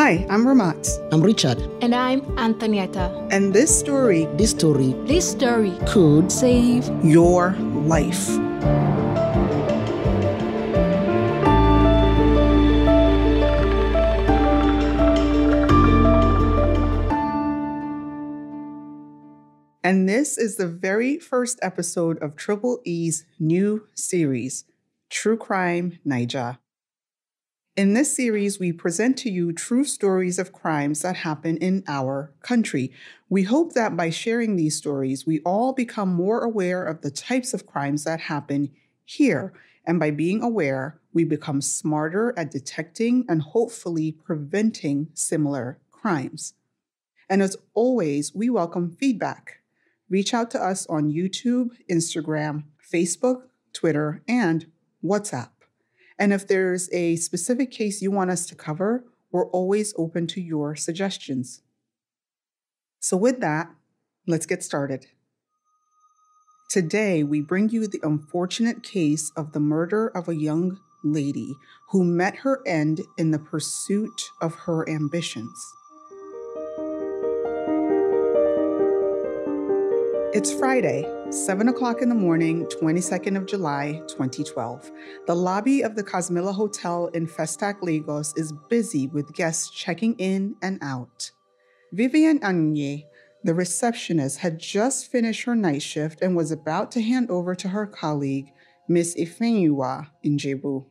Hi, I'm Ramat. I'm Richard. And I'm Antonietta. And this story, this story, this story could save your life. And this is the very first episode of Triple E's new series, True Crime Niger. In this series, we present to you true stories of crimes that happen in our country. We hope that by sharing these stories, we all become more aware of the types of crimes that happen here. And by being aware, we become smarter at detecting and hopefully preventing similar crimes. And as always, we welcome feedback. Reach out to us on YouTube, Instagram, Facebook, Twitter, and WhatsApp. And if there's a specific case you want us to cover, we're always open to your suggestions. So, with that, let's get started. Today, we bring you the unfortunate case of the murder of a young lady who met her end in the pursuit of her ambitions. It's Friday, 7 o'clock in the morning, 22nd of July, 2012. The lobby of the Cosmilla Hotel in Festac, Lagos is busy with guests checking in and out. Vivian Anye, the receptionist, had just finished her night shift and was about to hand over to her colleague, Miss Ifenyua Injebu.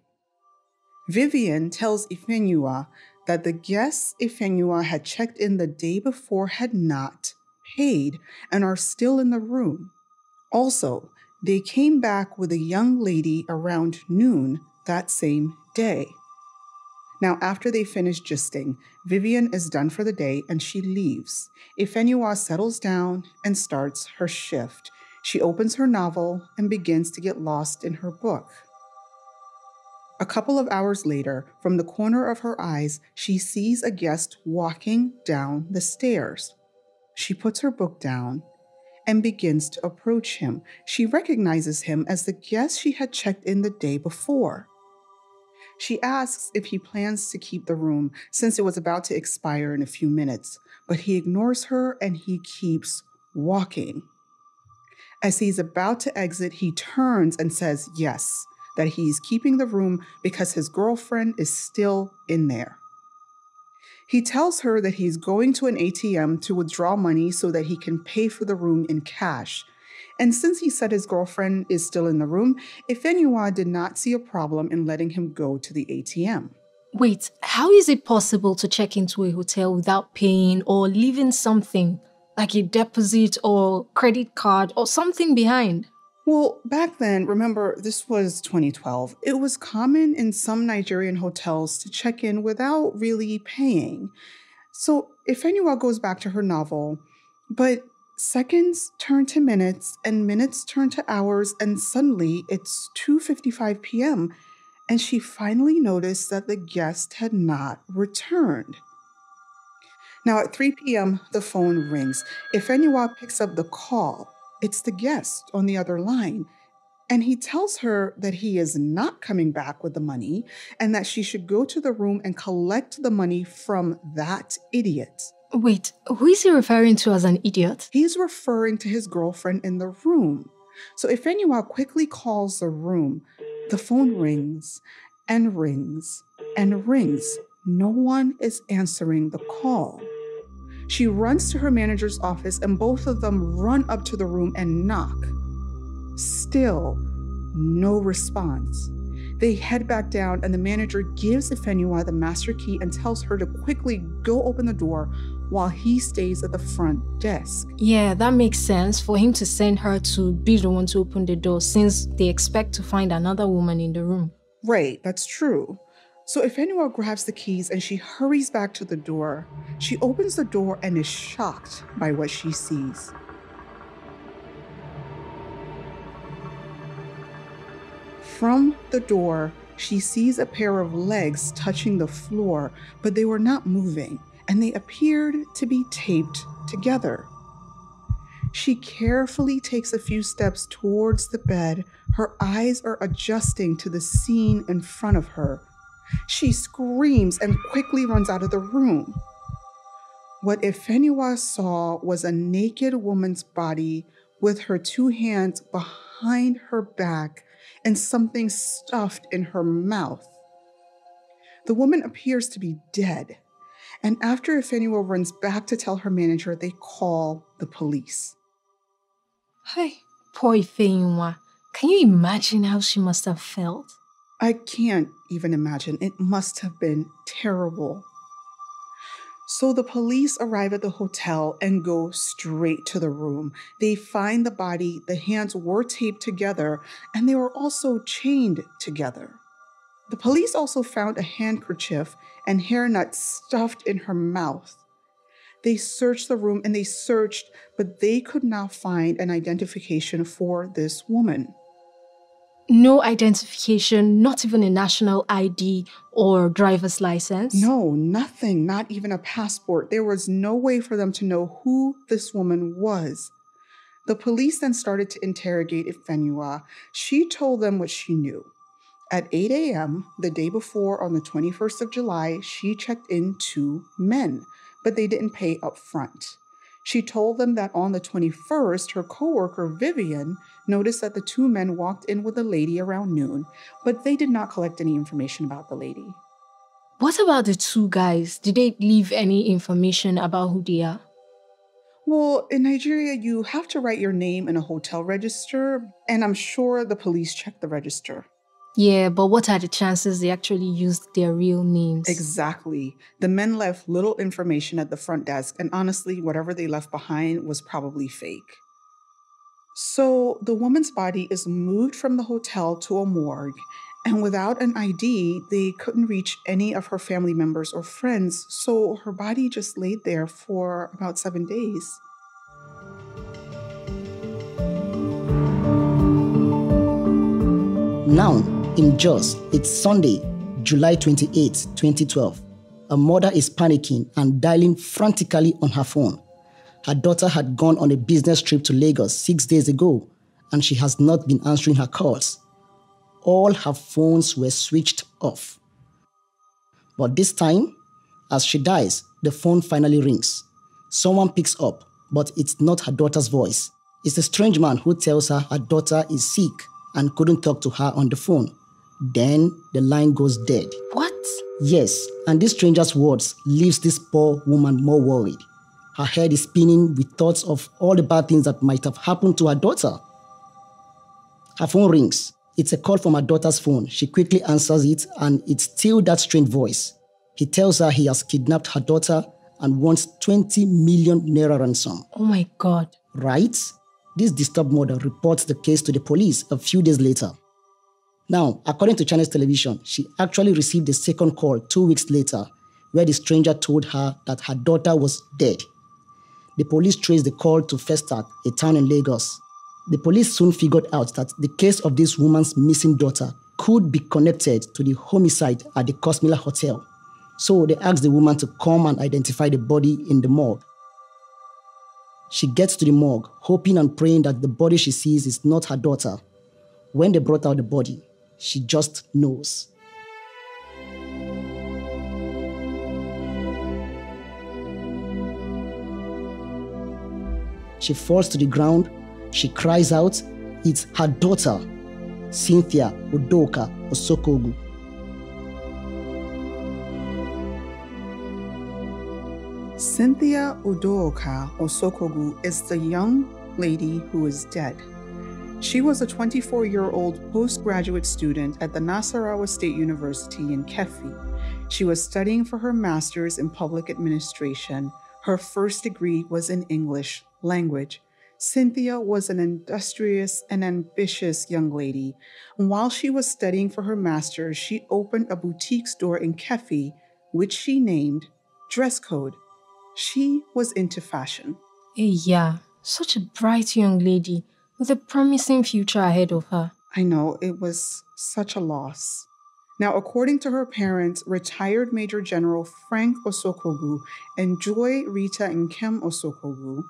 Vivian tells Ifenua that the guests Ifenua had checked in the day before had not paid and are still in the room. Also, they came back with a young lady around noon that same day. Now, after they finish gisting, Vivian is done for the day and she leaves. Ifenua settles down and starts her shift. She opens her novel and begins to get lost in her book. A couple of hours later, from the corner of her eyes, she sees a guest walking down the stairs. She puts her book down and begins to approach him. She recognizes him as the guest she had checked in the day before. She asks if he plans to keep the room since it was about to expire in a few minutes, but he ignores her and he keeps walking. As he's about to exit, he turns and says yes, that he's keeping the room because his girlfriend is still in there. He tells her that he's going to an ATM to withdraw money so that he can pay for the room in cash. And since he said his girlfriend is still in the room, Ifenua did not see a problem in letting him go to the ATM. Wait, how is it possible to check into a hotel without paying or leaving something, like a deposit or credit card or something behind? Well, back then, remember, this was 2012. It was common in some Nigerian hotels to check in without really paying. So Ifeanyiwa goes back to her novel, but seconds turn to minutes and minutes turn to hours and suddenly it's 2:55 p.m. and she finally noticed that the guest had not returned. Now at 3 p.m., the phone rings. Ifeanyiwa picks up the call. It's the guest on the other line. And he tells her that he is not coming back with the money and that she should go to the room and collect the money from that idiot. Wait, who is he referring to as an idiot? He's referring to his girlfriend in the room. So Ifeanyiwa quickly calls the room. The phone rings and rings and rings. No one is answering the call. She runs to her manager's office, and both of them run up to the room and knock. Still, no response. They head back down, and the manager gives Ifenua the master key and tells her to quickly go open the door while he stays at the front desk. Yeah, that makes sense for him to send her to be the one to open the door since they expect to find another woman in the room. Right, that's true. So Ifenua grabs the keys and she hurries back to the door. She opens the door and is shocked by what she sees. From the door, she sees a pair of legs touching the floor, but they were not moving and they appeared to be taped together. She carefully takes a few steps towards the bed. Her eyes are adjusting to the scene in front of her. She screams and quickly runs out of the room. What Ifenua saw was a naked woman's body with her two hands behind her back and something stuffed in her mouth. The woman appears to be dead, and after Ifenua runs back to tell her manager, they call the police. Hey, poor Ifenua. Can you imagine how she must have felt? I can't even imagine. It must have been terrible. So the police arrive at the hotel and go straight to the room. They find the body, the hands were taped together, and they were also chained together. The police also found a handkerchief and hair nuts stuffed in her mouth. They searched the room and they searched, but they could not find an identification for this woman no identification, not even a national ID or driver's license? No, nothing, not even a passport. There was no way for them to know who this woman was. The police then started to interrogate Ifenua. She told them what she knew. At 8 a.m., the day before, on the 21st of July, she checked in two men, but they didn't pay up front. She told them that on the 21st, her coworker Vivian noticed that the two men walked in with a lady around noon, but they did not collect any information about the lady. What about the two guys? Did they leave any information about who they are? Well, in Nigeria, you have to write your name in a hotel register, and I'm sure the police checked the register. Yeah, but what are the chances they actually used their real names? Exactly. The men left little information at the front desk, and honestly, whatever they left behind was probably fake. So the woman's body is moved from the hotel to a morgue, and without an ID, they couldn't reach any of her family members or friends, so her body just laid there for about seven days. Now, in Jos, it's Sunday, July 28, 2012. A mother is panicking and dialing frantically on her phone. Her daughter had gone on a business trip to Lagos six days ago, and she has not been answering her calls. All her phones were switched off. But this time, as she dies, the phone finally rings. Someone picks up, but it's not her daughter's voice. It's a strange man who tells her her daughter is sick and couldn't talk to her on the phone. Then the line goes dead. What? Yes, and this stranger's words leaves this poor woman more worried. Her head is spinning with thoughts of all the bad things that might have happened to her daughter. Her phone rings. It's a call from her daughter's phone. She quickly answers it, and it's still that strange voice. He tells her he has kidnapped her daughter and wants 20 million naira ransom. Oh my God. Right? This disturbed mother reports the case to the police a few days later. Now, according to Chinese television, she actually received a second call two weeks later where the stranger told her that her daughter was dead. The police traced the call to Festac, a town in Lagos. The police soon figured out that the case of this woman's missing daughter could be connected to the homicide at the Cosmilla Hotel. So they asked the woman to come and identify the body in the morgue. She gets to the morgue, hoping and praying that the body she sees is not her daughter. When they brought out the body, she just knows. She falls to the ground. She cries out. It's her daughter, Cynthia Udoaka Osokogu. Cynthia Udoaka Osokogu is the young lady who is dead. She was a 24 year old postgraduate student at the Nasarawa State University in Kefi. She was studying for her master's in public administration. Her first degree was in English language. Cynthia was an industrious and ambitious young lady. While she was studying for her master's, she opened a boutique store in Kefi, which she named Dress Code. She was into fashion. Eh, yeah, such a bright young lady with a promising future ahead of her. I know, it was such a loss. Now, according to her parents, retired Major General Frank Osokogu and Joy, Rita, and Kim Osokogu,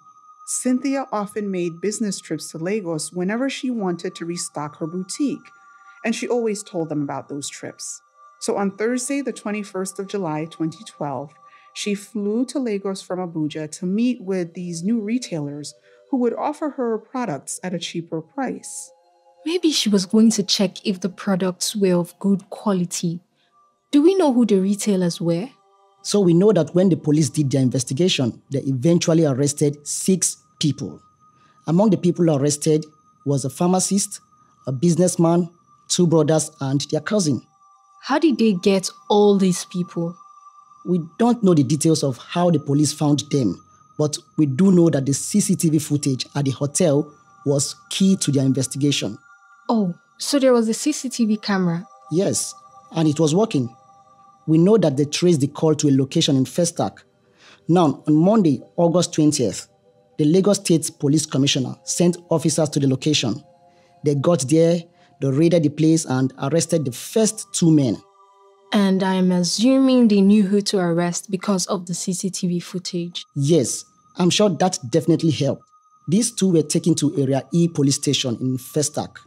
Cynthia often made business trips to Lagos whenever she wanted to restock her boutique, and she always told them about those trips. So on Thursday, the 21st of July, 2012, she flew to Lagos from Abuja to meet with these new retailers who would offer her products at a cheaper price. Maybe she was going to check if the products were of good quality. Do we know who the retailers were? So we know that when the police did their investigation, they eventually arrested six people. Among the people arrested was a pharmacist, a businessman, two brothers, and their cousin. How did they get all these people? We don't know the details of how the police found them, but we do know that the CCTV footage at the hotel was key to their investigation. Oh, so there was a CCTV camera? Yes, and it was working. We know that they traced the call to a location in Festac. Now, on Monday, August 20th, the Lagos State Police Commissioner sent officers to the location. They got there, they raided the place and arrested the first two men. And I'm assuming they knew who to arrest because of the CCTV footage. Yes, I'm sure that definitely helped. These two were taken to Area E police station in Festac.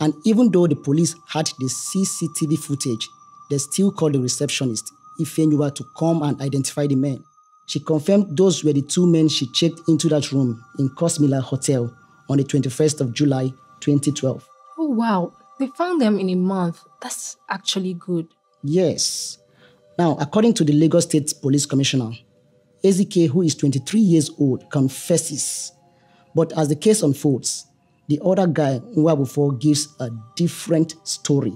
And even though the police had the CCTV footage, they still called the receptionist, Ifenyuwa, to come and identify the men. She confirmed those were the two men she checked into that room in Cosmila Hotel on the 21st of July 2012. Oh, wow. They found them in a month. That's actually good. Yes. Now, according to the Lagos State Police Commissioner, Ezike, who is 23 years old, confesses. But as the case unfolds, the other guy, Nwabufo, gives a different story.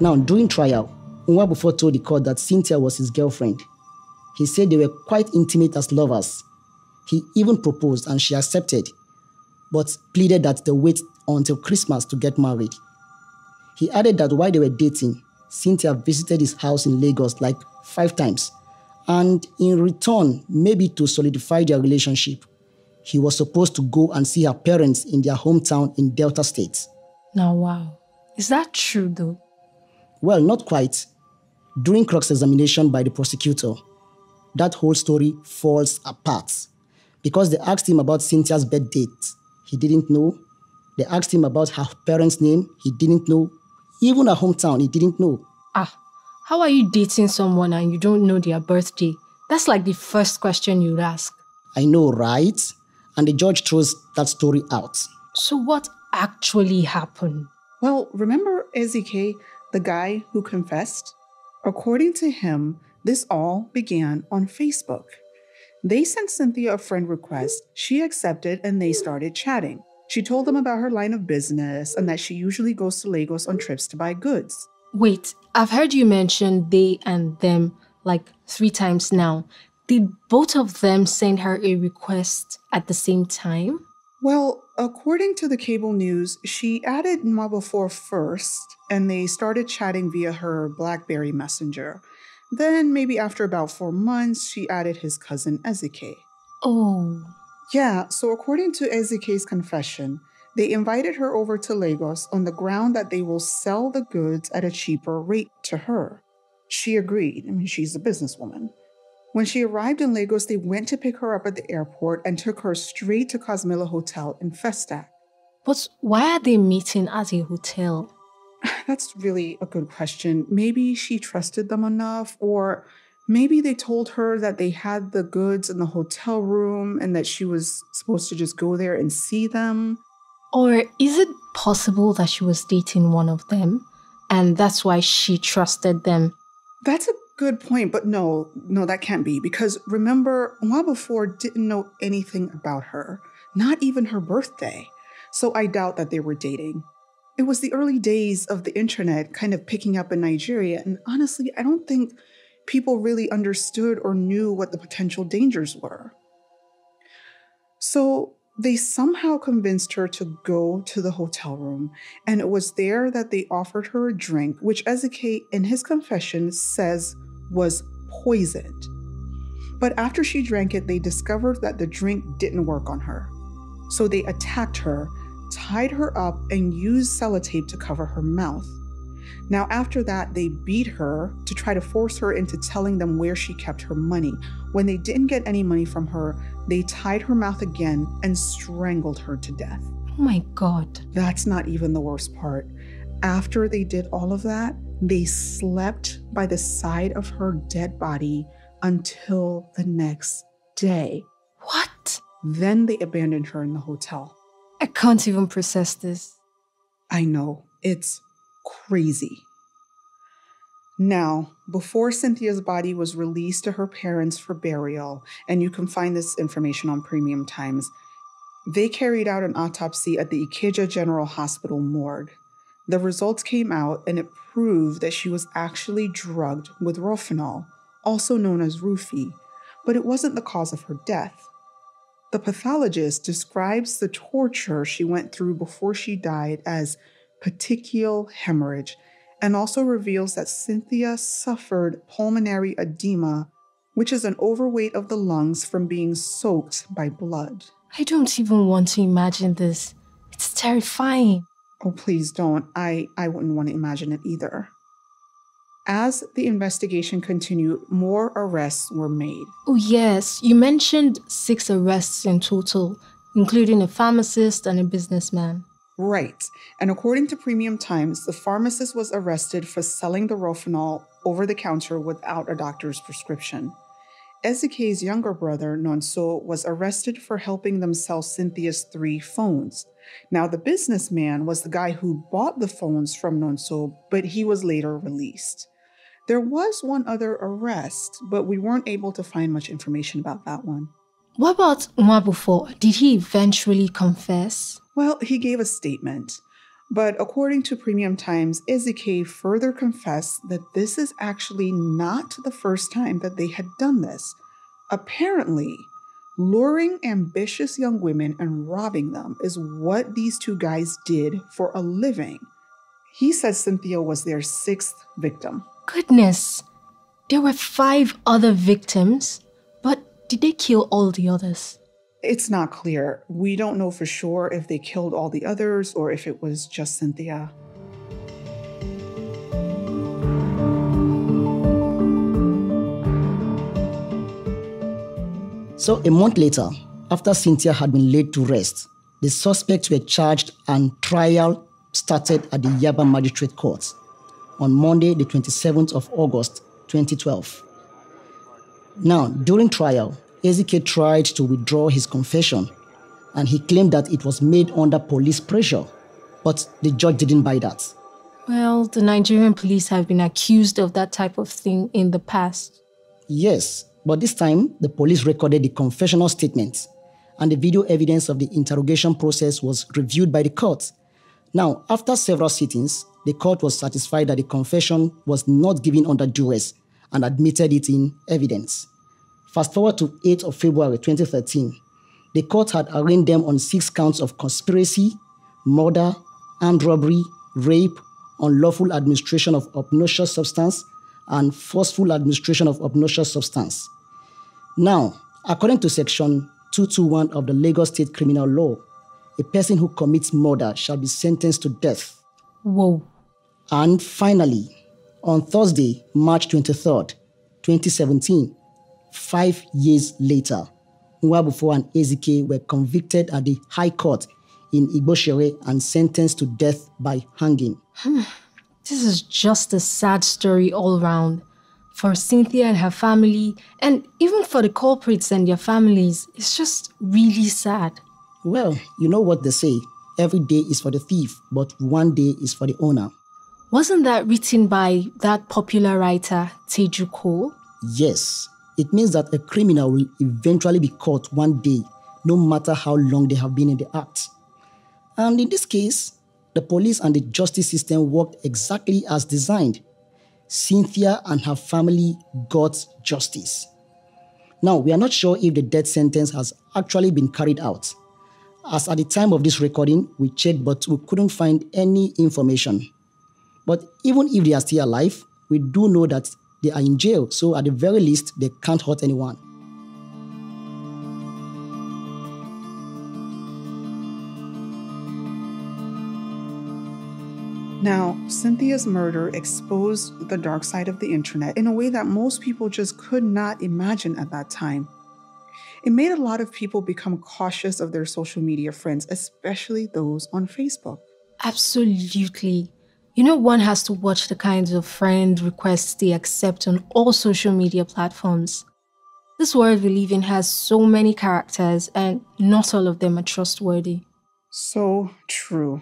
Now, during trial, Nwabufo told the court that Cynthia was his girlfriend. He said they were quite intimate as lovers he even proposed and she accepted, but pleaded that they wait until Christmas to get married. He added that while they were dating, Cynthia visited his house in Lagos like five times, and in return, maybe to solidify their relationship, he was supposed to go and see her parents in their hometown in Delta State. Now, wow. Is that true, though? Well, not quite. During cross examination by the prosecutor, that whole story falls apart because they asked him about Cynthia's birth date. He didn't know. They asked him about her parents' name. He didn't know. Even her hometown, he didn't know. Ah, how are you dating someone and you don't know their birthday? That's like the first question you'd ask. I know, right? And the judge throws that story out. So, what actually happened? Well, remember Ezekiel, the guy who confessed? According to him, this all began on Facebook. They sent Cynthia a friend request. She accepted and they started chatting. She told them about her line of business and that she usually goes to Lagos on trips to buy goods. Wait, I've heard you mention they and them like three times now. Did both of them send her a request at the same time? Well, according to the cable news, she added Mabo4 first, and they started chatting via her BlackBerry Messenger. Then, maybe after about four months, she added his cousin Ezike. Oh. Yeah, so according to Ezike's confession, they invited her over to Lagos on the ground that they will sell the goods at a cheaper rate to her. She agreed. I mean, she's a businesswoman. When she arrived in Lagos, they went to pick her up at the airport and took her straight to Cosmilla Hotel in Festac. But why are they meeting at a hotel? That's really a good question. Maybe she trusted them enough, or maybe they told her that they had the goods in the hotel room and that she was supposed to just go there and see them. Or is it possible that she was dating one of them and that's why she trusted them? That's a good point, but no, no, that can't be because remember, Nwabafor didn't know anything about her, not even her birthday. So I doubt that they were dating it was the early days of the internet kind of picking up in Nigeria. And honestly, I don't think people really understood or knew what the potential dangers were. So they somehow convinced her to go to the hotel room, and it was there that they offered her a drink, which Ezekiel, in his confession, says was poisoned. But after she drank it, they discovered that the drink didn't work on her. So they attacked her tied her up, and used sellotape to cover her mouth. Now, after that, they beat her to try to force her into telling them where she kept her money. When they didn't get any money from her, they tied her mouth again and strangled her to death. Oh my God. That's not even the worst part. After they did all of that, they slept by the side of her dead body until the next day. What? Then they abandoned her in the hotel. I can't even process this. I know. It's crazy. Now, before Cynthia's body was released to her parents for burial, and you can find this information on Premium Times, they carried out an autopsy at the Ikeja General Hospital morgue. The results came out and it proved that she was actually drugged with Rofinol, also known as Rufi, but it wasn't the cause of her death. The pathologist describes the torture she went through before she died as petechial hemorrhage and also reveals that Cynthia suffered pulmonary edema, which is an overweight of the lungs from being soaked by blood. I don't even want to imagine this. It's terrifying. Oh, please don't. I, I wouldn't want to imagine it either. As the investigation continued, more arrests were made. Oh, yes. You mentioned six arrests in total, including a pharmacist and a businessman. Right. And according to Premium Times, the pharmacist was arrested for selling the Rofinol over the counter without a doctor's prescription. Ezekiel's younger brother, Nonso, was arrested for helping them sell Cynthia's three phones. Now, the businessman was the guy who bought the phones from Nonso, but he was later released. There was one other arrest, but we weren't able to find much information about that one. What about Umar Did he eventually confess? Well, he gave a statement. But according to Premium Times, Izike further confessed that this is actually not the first time that they had done this. Apparently, luring ambitious young women and robbing them is what these two guys did for a living. He said Cynthia was their sixth victim. Goodness. There were five other victims, but did they kill all the others? It's not clear. We don't know for sure if they killed all the others or if it was just Cynthia. So, a month later, after Cynthia had been laid to rest, the suspects were charged and trial started at the Yaba Magistrate Court on Monday, the 27th of August, 2012. Now, during trial, Ezike tried to withdraw his confession and he claimed that it was made under police pressure, but the judge didn't buy that. Well, the Nigerian police have been accused of that type of thing in the past. Yes, but this time the police recorded the confessional statements and the video evidence of the interrogation process was reviewed by the court now, after several sittings, the court was satisfied that the confession was not given under duress and admitted it in evidence. Fast forward to 8th of February 2013, the court had arraigned them on six counts of conspiracy, murder, armed robbery, rape, unlawful administration of obnoxious substance, and forceful administration of obnoxious substance. Now, according to Section 221 of the Lagos State Criminal Law, a person who commits murder shall be sentenced to death. Whoa. And finally, on Thursday, March 23rd, 2017, five years later, Nwabufo and Ezike were convicted at the High Court in Igboshere and sentenced to death by hanging. Hmm. this is just a sad story all round. For Cynthia and her family, and even for the culprits and their families, it's just really sad. Well, you know what they say every day is for the thief, but one day is for the owner. Wasn't that written by that popular writer, Teju Cole? Yes. It means that a criminal will eventually be caught one day, no matter how long they have been in the act. And in this case, the police and the justice system worked exactly as designed. Cynthia and her family got justice. Now, we are not sure if the death sentence has actually been carried out, as at the time of this recording, we checked, but we couldn't find any information. But even if they are still alive, we do know that they are in jail, so at the very least, they can't hurt anyone. Now, Cynthia's murder exposed the dark side of the internet in a way that most people just could not imagine at that time. It made a lot of people become cautious of their social media friends, especially those on Facebook. Absolutely. You know, one has to watch the kinds of friend requests they accept on all social media platforms. This world we live in has so many characters, and not all of them are trustworthy. So true.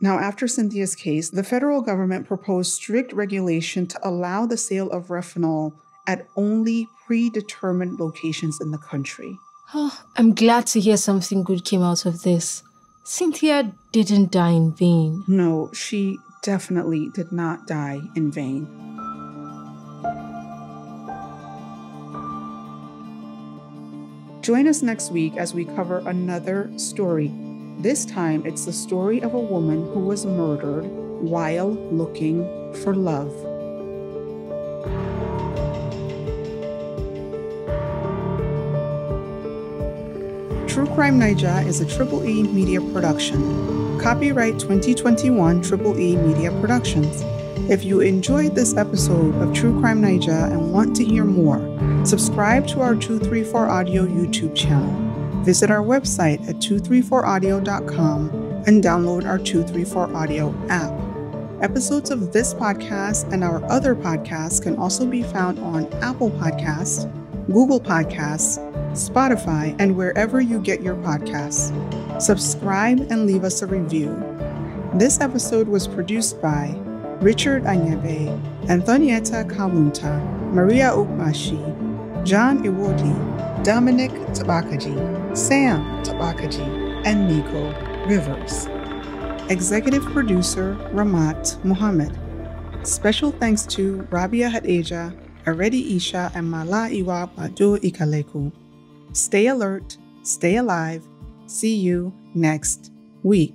Now, after Cynthia's case, the federal government proposed strict regulation to allow the sale of Refinol at only predetermined locations in the country. Oh, I'm glad to hear something good came out of this. Cynthia didn't die in vain. No, she definitely did not die in vain. Join us next week as we cover another story. This time, it's the story of a woman who was murdered while looking for love. True Crime Niger is a Triple E media production. Copyright 2021 Triple E Media Productions. If you enjoyed this episode of True Crime Niger and want to hear more, subscribe to our 234 Audio YouTube channel. Visit our website at 234audio.com and download our 234 Audio app. Episodes of this podcast and our other podcasts can also be found on Apple Podcasts, Google Podcasts, Spotify, and wherever you get your podcasts. Subscribe and leave us a review. This episode was produced by Richard Anyabe, Antonieta Kalunta, Maria Okmashi, John Iwodi, Dominic Tabakaji, Sam Tabakaji, and Nico Rivers. Executive Producer Ramat Muhammad. Special thanks to Rabia Hadeja, Aredi Isha, and Mala Iwa Badu Ikaleku. Stay alert, stay alive. See you next week.